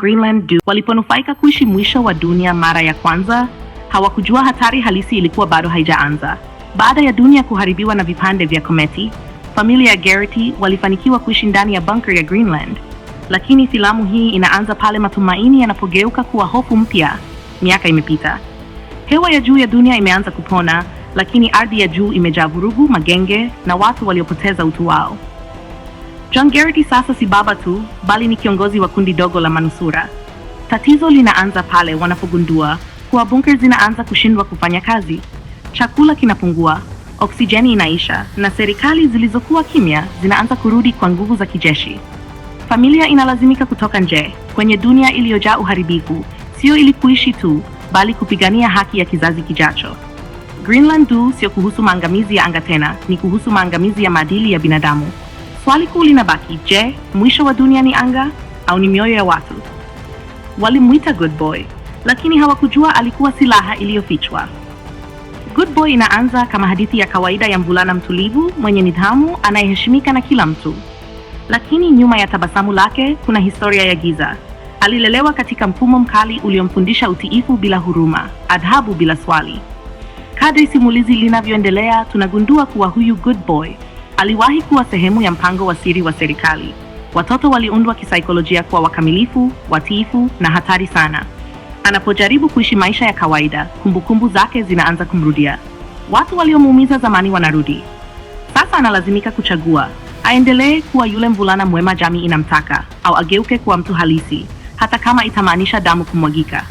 Greenland waliponufaika kuishi mwisho wa dunia mara ya kwanza, hawakujua hatari halisi ilikuwa bado haijaanza. Baada ya dunia kuharibiwa na vipande vya kometi, familia ya Garrity walifanikiwa kuishi ndani ya bunker ya Greenland. Lakini filamu hii inaanza pale matumaini yanapogeuka kuwa hofu mpya. Miaka imepita, hewa ya juu ya dunia imeanza kupona, lakini ardhi ya juu imejaa vurugu, magenge na watu waliopoteza utu wao. John Garrity sasa si baba tu, bali ni kiongozi wa kundi dogo la manusura. Tatizo linaanza pale wanapogundua kuwa bunkers zinaanza kushindwa kufanya kazi. Chakula kinapungua, oksijeni inaisha, na serikali zilizokuwa kimya zinaanza kurudi kwa nguvu za kijeshi. Familia inalazimika kutoka nje kwenye dunia iliyojaa uharibifu, sio ili kuishi tu, bali kupigania haki ya kizazi kijacho. Greenland Du sio kuhusu maangamizi ya anga tena, ni kuhusu maangamizi ya maadili ya binadamu. Swali kuu linabaki, je, mwisho wa dunia ni anga au ni mioyo ya watu? Walimwita Good Boy, lakini hawakujua alikuwa silaha iliyofichwa. Good Boy inaanza kama hadithi ya kawaida ya mvulana mtulivu mwenye nidhamu anayeheshimika na kila mtu, lakini nyuma ya tabasamu lake kuna historia ya giza. Alilelewa katika mfumo mkali uliomfundisha utiifu bila huruma, adhabu bila swali. Kadri simulizi linavyoendelea, tunagundua kuwa huyu Good Boy aliwahi kuwa sehemu ya mpango wa siri wa serikali. Watoto waliundwa kisaikolojia kuwa wakamilifu, watiifu na hatari sana. Anapojaribu kuishi maisha ya kawaida, kumbukumbu zake zinaanza kumrudia. Watu waliomuumiza zamani wanarudi. Sasa analazimika kuchagua: aendelee kuwa yule mvulana mwema jamii inamtaka, au ageuke kuwa mtu halisi, hata kama itamaanisha damu kumwagika.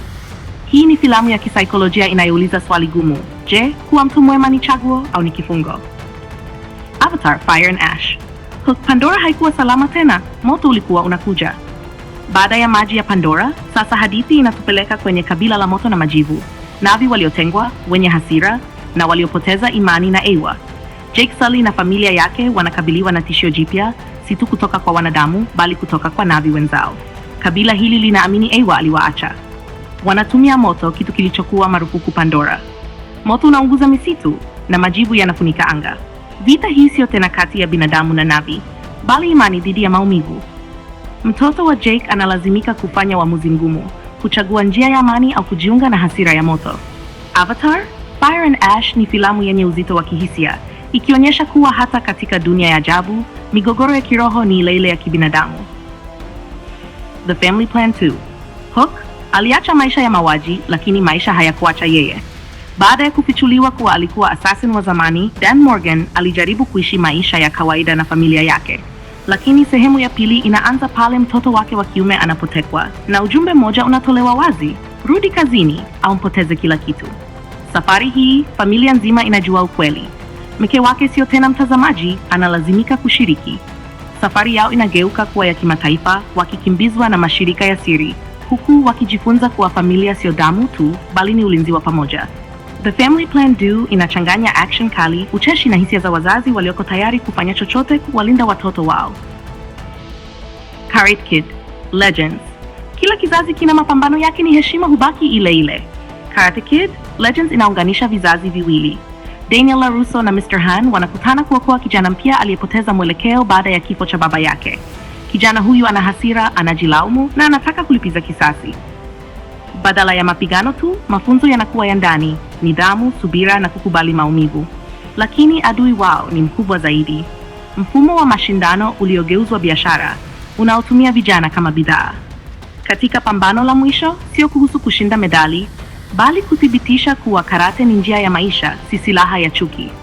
Hii ni filamu ya kisaikolojia inayouliza swali gumu: je, kuwa mtu mwema ni chaguo au ni kifungo? Avatar Fire and Ash. Pandora haikuwa salama tena, moto ulikuwa unakuja. Baada ya maji ya Pandora, sasa hadithi inatupeleka kwenye kabila la moto na majivu, Navi waliotengwa, wenye hasira na waliopoteza imani na Ewa. Jake Sully na familia yake wanakabiliwa na tishio jipya, si tu kutoka kwa wanadamu, bali kutoka kwa Navi wenzao. Kabila hili linaamini Ewa aliwaacha. Wanatumia moto, kitu kilichokuwa marufuku Pandora. Moto unaunguza misitu na majivu yanafunika anga. Vita hii siyo tena kati ya binadamu na Navi, bali imani dhidi ya maumivu. Mtoto wa Jake analazimika kufanya uamuzi ngumu, kuchagua njia ya amani au kujiunga na hasira ya moto. Avatar: Fire and Ash ni filamu yenye uzito wa kihisia, ikionyesha kuwa hata katika dunia ya ajabu, migogoro ya kiroho ni ile ile ya kibinadamu. The Family Plan 2: Hook aliacha maisha ya mauaji, lakini maisha hayakuacha yeye. Baada ya kufichuliwa kuwa alikuwa assassin wa zamani, Dan Morgan alijaribu kuishi maisha ya kawaida na familia yake. Lakini sehemu ya pili inaanza pale mtoto wake wa kiume anapotekwa na ujumbe mmoja unatolewa wazi: rudi kazini au mpoteze kila kitu. Safari hii familia nzima inajua ukweli. Mke wake sio tena mtazamaji, analazimika kushiriki. Safari yao inageuka kuwa ya kimataifa, wakikimbizwa na mashirika ya siri, huku wakijifunza kuwa familia sio damu tu, bali ni ulinzi wa pamoja. The Family Plan Do inachanganya action kali, ucheshi na hisia za wazazi walioko tayari kufanya chochote kuwalinda watoto wao. Karate Kid Legends. Kila kizazi kina mapambano yake, ni heshima hubaki ile ile. Karate Kid Legends inaunganisha vizazi viwili. Daniel LaRusso na Mr. Han wanakutana kuokoa kijana mpya aliyepoteza mwelekeo baada ya kifo cha baba yake. Kijana huyu ana hasira, anajilaumu na anataka kulipiza kisasi. Badala ya mapigano tu, mafunzo yanakuwa ya ndani: nidhamu, subira na kukubali maumivu. Lakini adui wao ni mkubwa zaidi: mfumo wa mashindano uliogeuzwa biashara, unaotumia vijana kama bidhaa. Katika pambano la mwisho, sio kuhusu kushinda medali, bali kuthibitisha kuwa karate ni njia ya maisha, si silaha ya chuki.